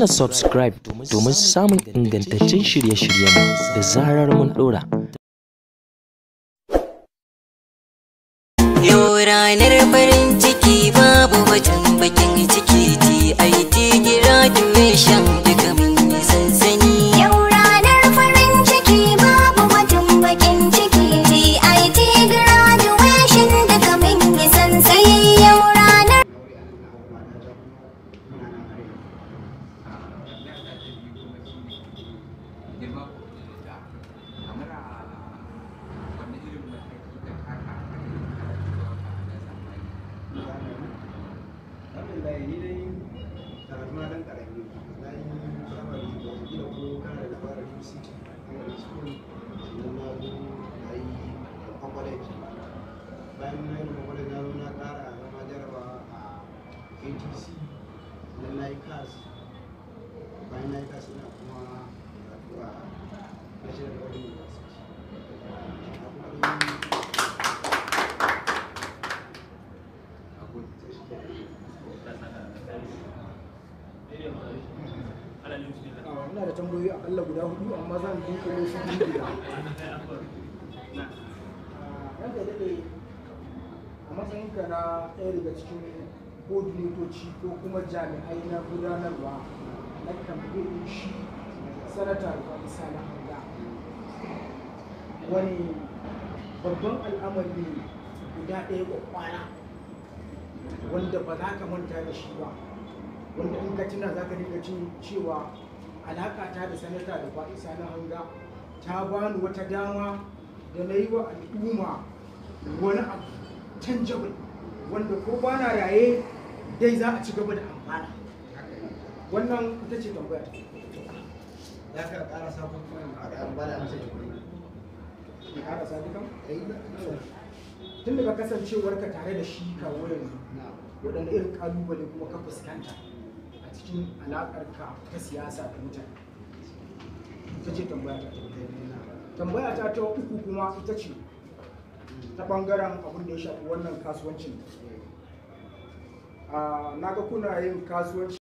na subscribe domin samun ingantaccen shirye-shiryenmu da zarar mun ɗora. Yau ranar farin girma ko da da kamar a wani irin mataki yi yi yi kara zama a ATC sannan na yi yi Ina da tambayoyi akalla guda hudu amma za mu dunkule su biyu guda. Ranka daɗe a matsayinka na ɗaya daga cikin kodinatoci ko kuma jami'ai na gudanarwa na kamfe shi sanatar isa na wani babban al'amari guda ɗaya kwana wanda ba za ka manta da shi ba wanda in ka tuna za ka dinga cewa alaka ta da sanata da ba isa hanga ta bani wata dama da na yi wa al'umma wani abu tangible wanda ko ba raye dai za a ci gaba da amfana wannan ita ce tambaya Ya ka ƙara sabon kuma a ƙarambala a cikin ƙara sabikan? Eh, tun daga kasancewarka tare da shi ka wurin waɗanda irin ƙalubale kuma ka fuskanta a cikin alaƙar ka ta siyasa da mutane ita ce tambaya ta tambaya ta ta uku kuma ita ce ta ɓangaren abin da ya shafi wannan kasuwancin eh. ah, na ga kuna yin kasuwanci